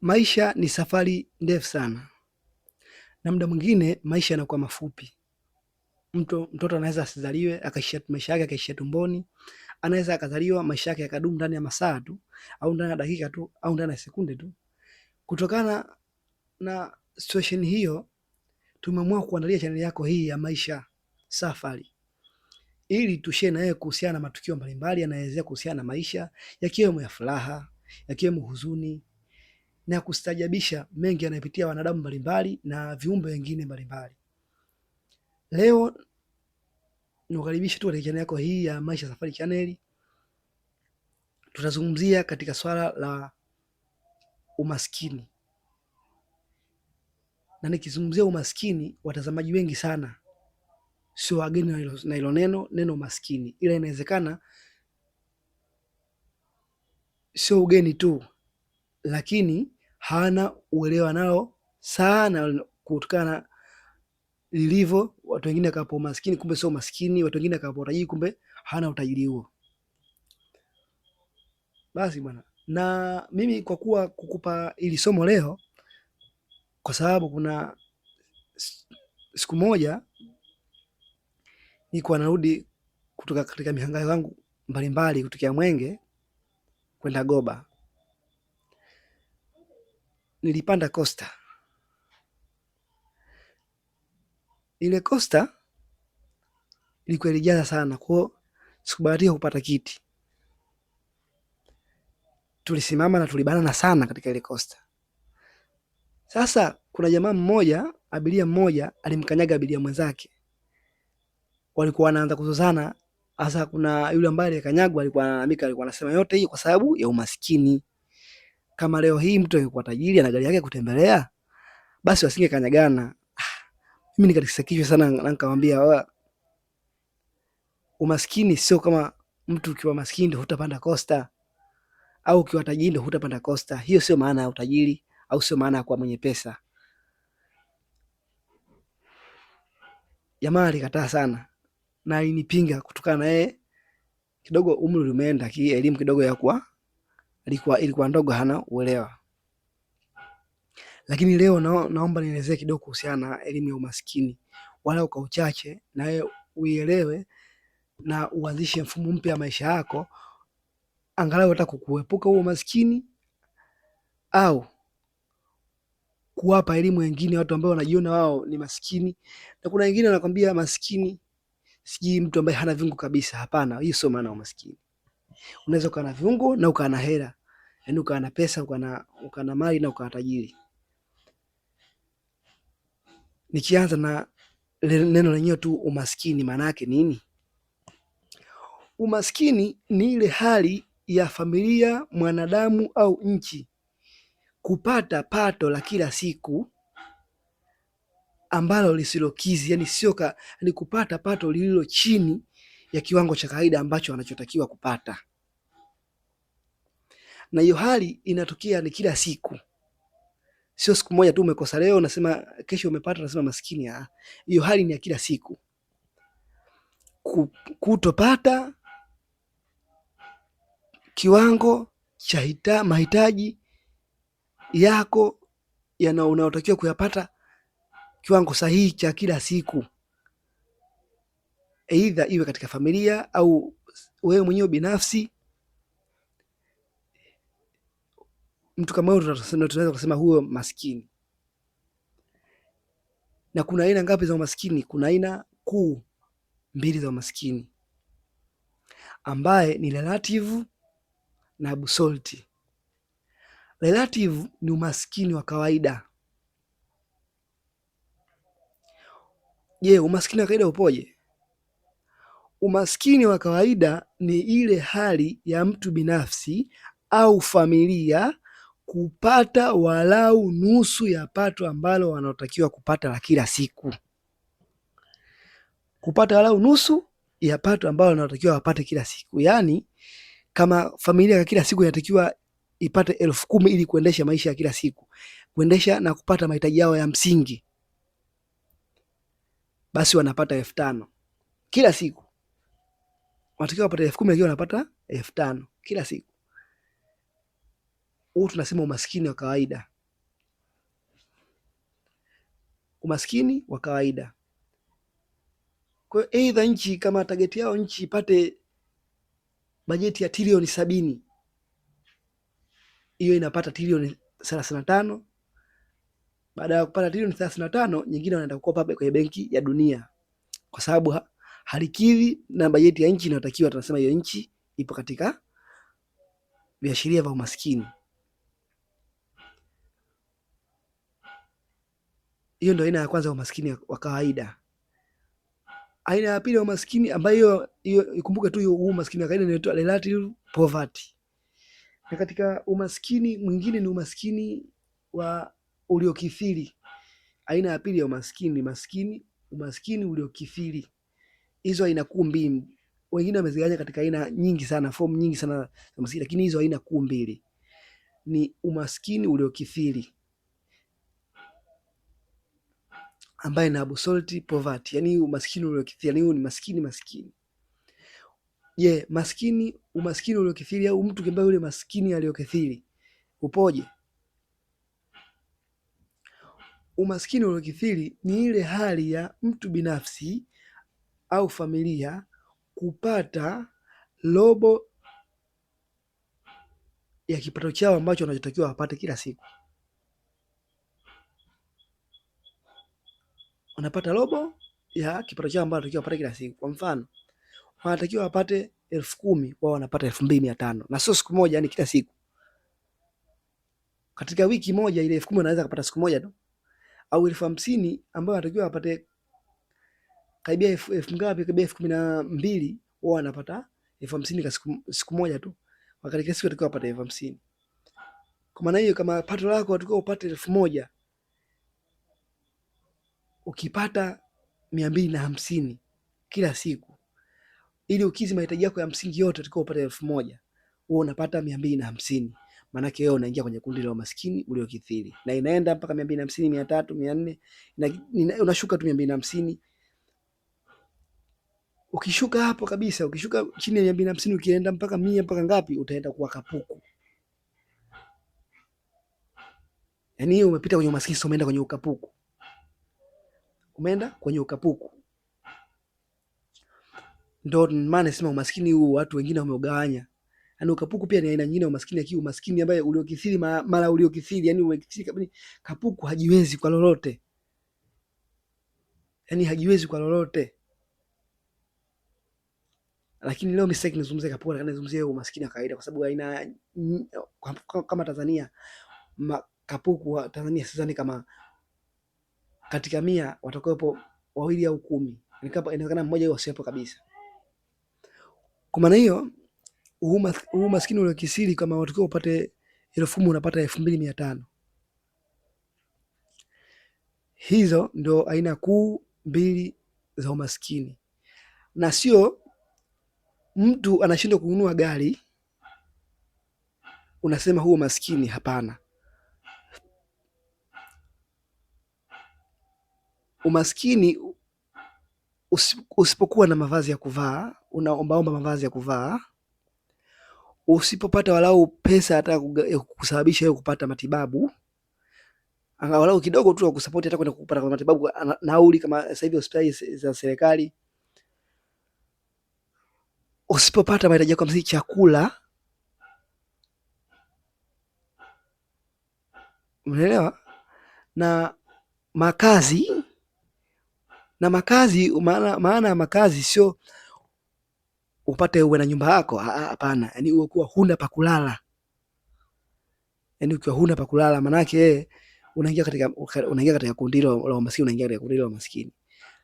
Maisha ni safari ndefu sana, na muda mwingine maisha yanakuwa mafupi. Mtu, mtoto anaweza asizaliwe akaishia maisha yake akaishia tumboni, anaweza akazaliwa maisha yake yakadumu ndani ya masaa tu au ndani ya dakika tu au ndani ya sekunde tu. Kutokana na situation hiyo, tumeamua kuandalia chaneli yako hii ya Maisha Safari ili tushare na wewe kuhusiana na matukio mbalimbali yanayowezea kuhusiana na maisha, yakiwemo ya furaha, yakiwemo huzuni na ya kustajabisha mengi yanayopitia wanadamu mbalimbali na viumbe wengine mbalimbali. Leo nikukaribisha tu katika chaneli yako hii ya Maisha Safari chaneli Tutazungumzia katika swala la umaskini, na nikizungumzia umaskini, watazamaji wengi sana sio wageni na hilo neno neno umaskini ila inawezekana sio ugeni tu, lakini hana uelewa nao sana, kutokana lilivyo. Watu wengine akapo umaskini, kumbe sio maskini Watu wengine akapo tajiri kumbe hana utajiri huo. Basi bwana, na mimi kwa kuwa kukupa ili somo leo, kwa sababu kuna siku moja niko narudi kutoka katika mihangayo yangu mbalimbali kutokea Mwenge kwenda Goba nilipanda kosta Ile kosta ilikuwa ilijaza sana, kwao sikubahatika kupata kiti. Tulisimama na tulibanana sana katika ile kosta Sasa kuna jamaa mmoja, abiria mmoja alimkanyaga abiria mwenzake, walikuwa wanaanza kuzozana. Hasa kuna yule ambaye alikanyagwa alikuwa analalamika, alikuwa anasema yote hii kwa sababu ya umaskini. Kama leo hii mtu yuko tajiri ana gari yake kutembelea, basi wasinge kanyagana. Ah, mimi nikatikisikishwa sana, na nikamwambia umaskini sio kama mtu ukiwa maskini ndio hutapanda kosta au ukiwa tajiri ndio hutapanda kosta. Hiyo sio maana ya utajiri au sio maana ya kuwa mwenye pesa. Jamaa alikataa sana na alinipinga kutokana na yeye kidogo umri umeenda kielimu kidogo ya kuwa ilikuwa, ilikuwa ndogo, hana uelewa. Lakini leo na, naomba nielezee kidogo kuhusiana na elimu ya umaskini, wala kwa uchache, na wewe uielewe na uanzishe mfumo mpya wa maisha yako, angalau hata kukuepuka huo umaskini au kuwapa elimu wengine watu ambao wanajiona wao ni maskini. Na kuna wengine wanakwambia maskini sijui mtu ambaye hana viungo kabisa. Hapana, hiyo sio maana ya umaskini. Unaweza ukawa na viungo na ukawa na hela, yaani ukawa na pesa ukawa na mali na ukawa tajiri. Nikianza na neno lenyewe tu umaskini, maana yake nini? Umaskini ni ile hali ya familia, mwanadamu au nchi kupata pato la kila siku ambalo lisilokizi, yani sio ni yaani kupata pato lililo chini ya kiwango cha kawaida ambacho wanachotakiwa kupata na hiyo hali inatokea ni kila siku, sio siku moja tu. Umekosa leo unasema kesho umepata, unasema maskini. Ah, hiyo hali ni ya kila siku, kutopata kiwango cha hita, mahitaji yako yana unayotakiwa kuyapata kiwango sahihi cha kila siku, aidha iwe katika familia au wewe mwenyewe binafsi mtu kama huyo tunaweza kusema huyo maskini. Na kuna aina ngapi za umaskini? Kuna aina kuu mbili za umaskini, ambaye ni relative na absolute. Relative ni umaskini wa kawaida. Je, umaskini wa kawaida upoje? Umaskini wa kawaida ni ile hali ya mtu binafsi au familia kupata walau nusu ya pato ambalo wanaotakiwa kupata la kila siku, kupata walau nusu ya pato ambalo wanaotakiwa wapate kila siku. Yaani kama familia ya kila siku inatakiwa ipate elfu kumi ili kuendesha maisha ya kila siku, kuendesha na kupata mahitaji yao ya msingi, basi wanapata elfu tano kila siku. Wanatakiwa wapate elfu kumi, lakini wanapata elfu tano kila siku huu tunasema umaskini wa kawaida. Umaskini wa kawaida. Kwa hiyo aidha nchi kama target yao nchi ipate bajeti ya trilioni sabini, hiyo inapata trilioni thelathini na tano. Baada ya kupata trilioni thelathini na tano nyingine wanaenda kukopa kwenye Benki ya Dunia kwa sababu ha halikidhi na bajeti ya nchi inayotakiwa. Tunasema hiyo nchi ipo katika viashiria vya umaskini. Hiyo ndio aina ya kwanza ya umaskini wa kawaida. Aina ya pili ya umaskini ambayo hiyo, ikumbuke tu huu umaskini wa kawaida inaitwa relative poverty, na katika umaskini mwingine ni umaskini wa uliokithiri. Aina ya pili ya umaskini maskini, umaskini uliokithiri. Hizo aina kuu mbili, wengine wamezigawanya katika aina nyingi sana, fomu nyingi sana za umaskini, lakini hizo aina kuu mbili ni umaskini uliokithiri ambaye na absolute poverty, yani umaskini uliokithiri, yani ni maskini maskini. Je, yeah, maskini umaskini uliokithiri au mtu kimbaye yule maskini aliyokithiri upoje? Umaskini uliokithiri ni ile hali ya mtu binafsi au familia kupata robo ya kipato chao ambacho wanachotakiwa wapate kila siku. wanapata robo ya kipato chao ambacho wanatakiwa wapate kila siku. Kwa mfano, wanatakiwa wapate elfu kumi wao wanapata elfu mbili mia tano na sio siku moja, yani kila siku. Katika wiki moja ile elfu kumi wanaweza kupata siku moja tu, au elfu hamsini ambayo wanatakiwa wapate karibia elfu ngapi, karibia elfu kumi na mbili wao wanapata elfu hamsini kwa siku, siku moja tu, wakati kila siku wanatakiwa wapate elfu hamsini. Kwa maana hiyo, kama pato lako watakiwa upate elfu moja ukipata mia mbili na hamsini kila siku, ili ukizi mahitaji yako ya msingi yote utakuwa upate elfu moja wewe unapata mia mbili na hamsini maanake wewe unaingia kwenye kundi la umaskini uliokithiri, na inaenda mpaka mia mbili na hamsini mia tatu mia nne unashuka tu mia mbili na hamsini Ukishuka hapo kabisa, ukishuka chini ya mia mbili na hamsini ukienda mpaka mia mpaka ngapi, utaenda kuwa kapuku. Yani hiyo umepita kwenye umaskini, sio umeenda kwenye ukapuku umeenda kwenye ukapuku. Ndo maana nasema umaskini huu watu wengine wameugawanya. Yaani ukapuku pia ni aina nyingine ya umaskini, lakini umaskini ambaye uliokithiri mara uliokithiri, yani umekithiri kabisa. Kapuku hajiwezi kwa lolote, yani hajiwezi kwa lolote. Lakini leo mistake nizungumzie kapuku, na nizungumzie umaskini wa kawaida, kwa sababu aina kama Tanzania ma, kapuku wa Tanzania sidhani kama katika mia watakuwepo wawili au kumi, yaani inawezekana mmoja asiwepo kabisa. Kwa maana hiyo huu maskini uliokisiri, kama watakiwa upate elfu moja unapata elfu mbili mia tano. Hizo ndio aina kuu mbili za umaskini, na sio mtu anashindwa kununua gari unasema huo maskini. Hapana. umaskini usipokuwa na mavazi ya kuvaa, unaombaomba mavazi ya kuvaa, usipopata walau pesa hata kusababisha wewe kupata matibabu angalau kidogo tu akusapoti hata kwenda kupata matibabu nauli, kama sasa hivi hospitali za serikali. Usipopata mahitaji yako msingi, chakula, unaelewa, na makazi na makazi, maana maana ya makazi sio upate uwe na nyumba yako, hapana. Yani uwe kuwa huna pa kulala, yani ukiwa huna pa kulala, maana yake unaingia katika unaingia katika kundi la maskini, unaingia katika kundi la maskini.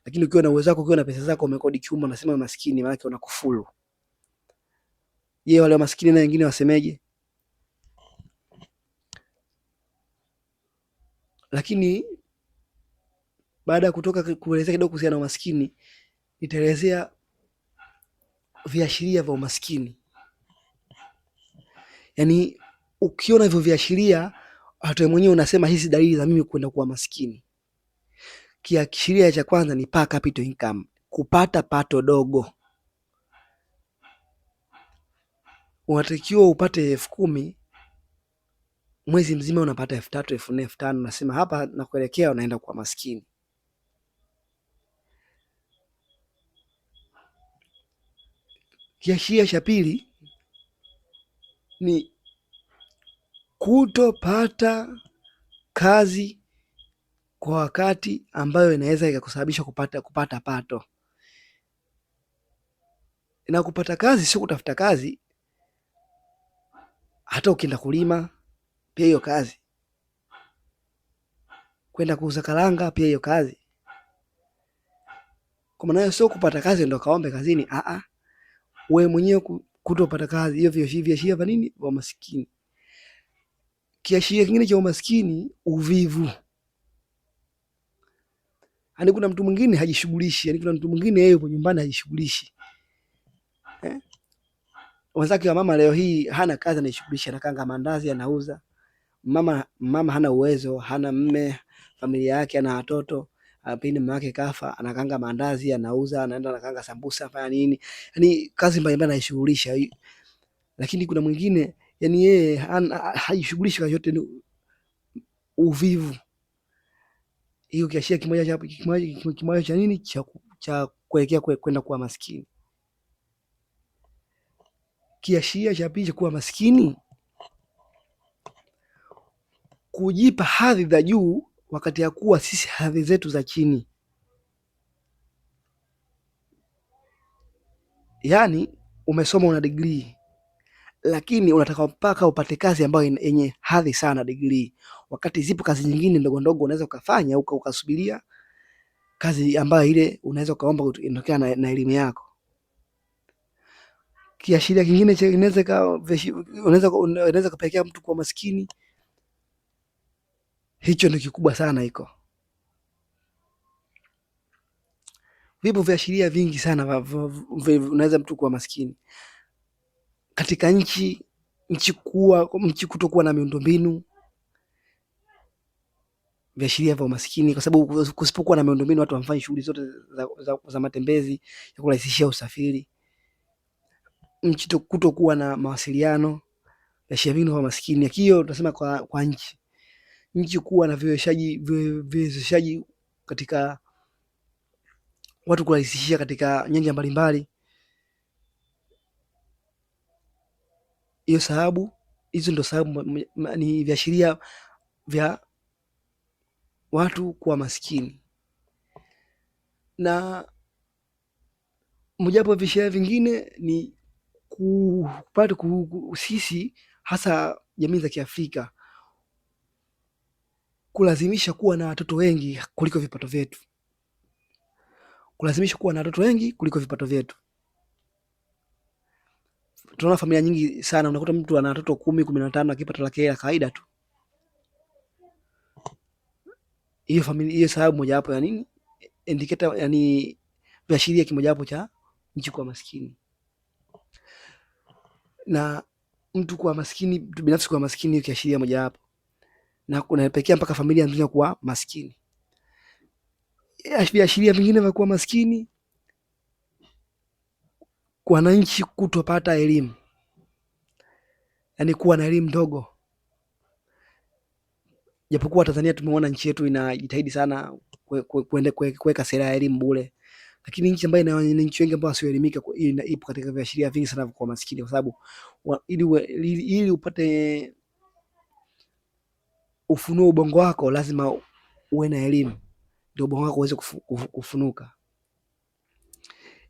Lakini ukiwa na uwezo wako, ukiwa na pesa zako, umekodi chumba, unasema maskini, maana yake unakufuru. Je, wale maskini na wengine wasemeje? Lakini baada ya kutoka kuelezea kidogo kuhusiana na umaskini, nitaelezea viashiria vya umaskini. Yaani ukiona hivyo viashiria, hata wewe mwenyewe unasema hizi dalili za mimi kwenda kuwa maskini. Kiashiria cha kwanza ni per capita income, kupata pato dogo. Unatakiwa upate elfu kumi mwezi mzima unapata elfu tatu elfu nne elfu tano nasema hapa nakuelekea, unaenda kuwa maskini. Kiashiria cha pili ni kutopata kazi kwa wakati, ambayo inaweza ikakusababisha kupata kupata pato. Na kupata kazi sio kutafuta kazi, hata ukienda kulima pia hiyo kazi, kwenda kuuza karanga pia hiyo kazi. Kwa maana hiyo sio kupata kazi ndo kaombe kazini, a a wewe mwenyewe kutopata kazi, hiyo viashiria vya nini? Vya umaskini. Kiashiria kingine cha umaskini, uvivu. yani kuna mtu mwingine hajishughulishi, yani kuna mtu mwingine yeye yupo nyumbani hajishughulishi eh? Wenzake wa mama leo hii hana kazi, anaishughulisha, anakanga mandazi anauza. Mama mama hana uwezo, hana mme, familia yake, ana watoto apini ah, mama yake kafa, anakanga mandazi anauza, anaenda anakanga sambusa, afanya nini, yani kazi mbalimbali anaishughulisha. Lakini kuna mwingine yani yeye haishughulishi kwa yote, ni uvivu. Hiyo kiashiria kimoja cha kimoja cha nini cha cha kuelekea kwenda kuwa maskini. Kiashiria cha pili cha kuwa maskini, kujipa hadhi za juu wakati ya kuwa sisi hadhi zetu za chini, yaani umesoma una degree lakini unataka mpaka upate kazi ambayo yenye hadhi sana degree, wakati zipo kazi nyingine ndogo ndogo unaweza ukafanya uka ukasubiria kazi ambayo ile unaweza ukaomba inatokea na, na elimu yako. Kiashiria kingine unaweza kupelekea mtu kuwa maskini Hicho ndio kikubwa sana hiko. Vipo viashiria vingi sana unaweza mtu kuwa maskini katika nchi nchi kuwa nchi kutokuwa na miundombinu, viashiria vya umaskini, kwa sababu kusipokuwa na miundombinu watu wamfanye shughuli zote za, za, za matembezi ya kurahisishia usafiri. Nchi kutokuwa na mawasiliano, viashiria vingi vya umaskini. Hiyo tunasema kwa, kwa nchi nchi kuwa na viwezeshaji katika watu kurahisishia katika nyanja mbalimbali. Hiyo sababu, hizo ndo sababu ni viashiria vya watu kuwa maskini, na mojawapo ya viashiria vingine ni kupata sisi hasa jamii za Kiafrika kulazimisha kuwa na watoto wengi kuliko vipato vyetu, kulazimisha kuwa na watoto wengi kuliko vipato vyetu. Tunaona familia nyingi sana, unakuta mtu ana watoto kumi, kumi na tano, akipata laki ya kawaida tu. Hiyo familia hiyo, sababu mojawapo ya nini, indicator yani viashiria kimojawapo cha nchi kuwa maskini na mtu kuwa maskini, binafsi kuwa maskini, kiashiria mojawapo na kunapelekea mpaka familia nzima kuwa maskini. Viashiria vingine vya kuwa maskini, wananchi kutopata elimu, yaani kuwa na elimu ndogo. Japokuwa Tanzania tumeona nchi yetu inajitahidi sana kuweka sera ya elimu bure, lakini nchi ambayo ina wananchi wengi ambao wasioelimika ipo katika viashiria vingi sana kwa maskini, kwa sababu ili upate ufunue ubongo wako, lazima uwe na elimu, ndio ubongo wako uweze kufunuka.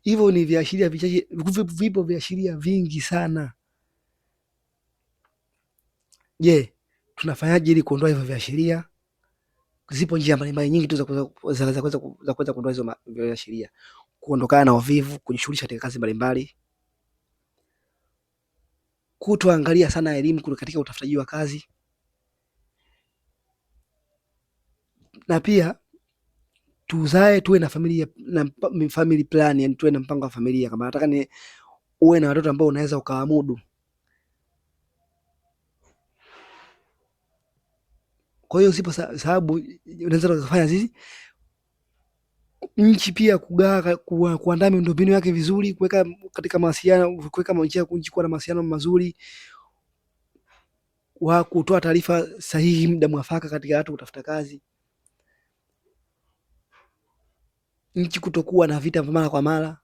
Hivyo ni viashiria vichache, vipo viashiria vingi sana. Je, tunafanyaje ili kuondoa hivyo viashiria? Zipo njia mbalimbali nyingi tu za kuweza kuondoa hizo viashiria: kuondokana na uvivu, kujishughulisha katika kazi mbalimbali, kutoangalia sana elimu katika utafutaji wa kazi. na pia tuzae, tuwe na familia na family plan, yani tuwe na mpango wa familia. Kama nataka ni uwe na watoto ambao unaweza ukawamudu. Kwa hiyo sipo sababu unaweza kufanya zizi nchi pia kugaa kuandaa miundombinu yake vizuri, kuweka katika mawasiliano, kuweka ya nchi kuwa na mawasiliano mazuri wa kutoa taarifa sahihi muda mwafaka katika watu kutafuta kazi. nchi kutokuwa na vita mara kwa mara.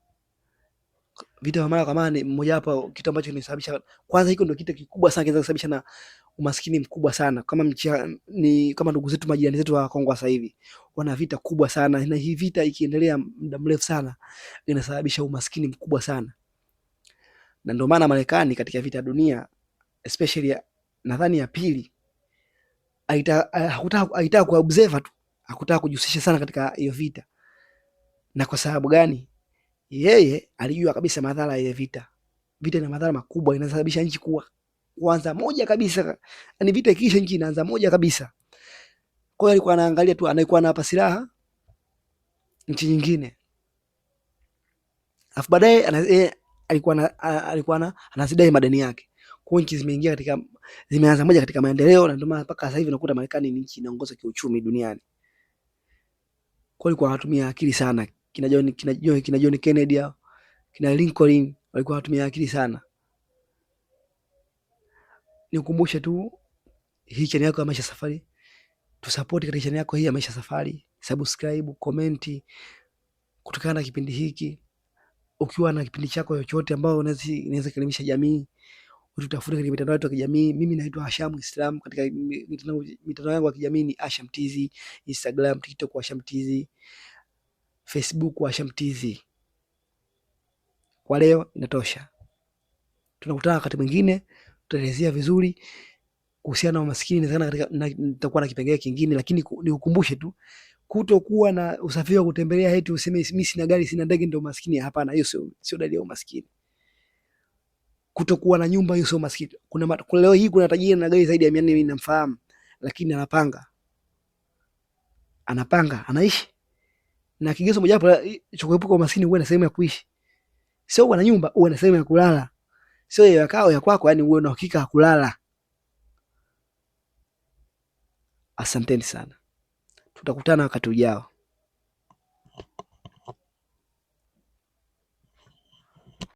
Vita vya mara kwa mara ni mmoja wapo kitu ambacho kinasababisha, kwanza hiko ndio kitu kikubwa sana kinaweza kusababisha na umaskini mkubwa sana kama mchia, ni kama ndugu zetu majirani zetu wa Kongo sasa hivi wana vita kubwa sana, na hii vita ikiendelea muda mrefu sana inasababisha umaskini mkubwa sana, na ndio maana Marekani katika vita dunia especially nadhani ya pili haitaka kuobserve tu, hakutaka kujihusisha sana katika hiyo vita, na kwa sababu gani? Yeye alijua kabisa madhara ya vita. Vita ina madhara makubwa, inasababisha nchi kuwa kwanza moja kabisa, yani vita ikiisha nchi inaanza moja kabisa. Kwa hiyo alikuwa anaangalia tu anaikuwa anapa silaha nchi nyingine, alafu baadaye alikuwa na, alikuwa na, anazidai madeni yake. Kwa nchi zimeingia katika zimeanza moja katika maendeleo, na ndio maana mpaka sasa hivi unakuta Marekani ni nchi inaongoza kiuchumi duniani. Kwa hiyo alikuwa anatumia akili sana kina John, kina John, kina John Kennedy hao kina Lincoln walikuwa watumia akili sana. Nikukumbushe tu hii channel yako ya Maisha Safari, tusapoti katika channel yako hii ya Maisha Safari, subscribe, comment kutokana na kipindi hiki. Ukiwa na kipindi chako chochote ambao unaweza kuelimisha jamii, ututafuta katika mitandao yetu ya kijamii. Mimi naitwa Hasham Islam, katika mitandao yangu ya kijamii ni Hasham TZ, Instagram, TikTok Hasham TZ. Facebook wa Sham TV. Kwa leo inatosha, tunakutana wakati mwingine, tutaelezea vizuri kuhusiana na umaskini. Nitakuwa na na kipengele kingine, lakini nikukumbushe tu kutokuwa na usafiri wa kutembelea eti useme mimi sina gari sina ndege ndio umaskini. Hapana, hiyo sio sio dalili ya umaskini. Kutokuwa na nyumba, hiyo sio umaskini. Kuna leo hii kuna tajiri na gari zaidi ya 400 mimi namfahamu, lakini anapanga anapanga anaishi na kigezo mojawapo cha kuepuka umaskini, uwe na sehemu ya kuishi. Sio uwe na nyumba, uwe na sehemu ya kulala, sio ya kwako ya kwako, yani uwe na hakika ya kulala. Asanteni sana, tutakutana wakati ujao.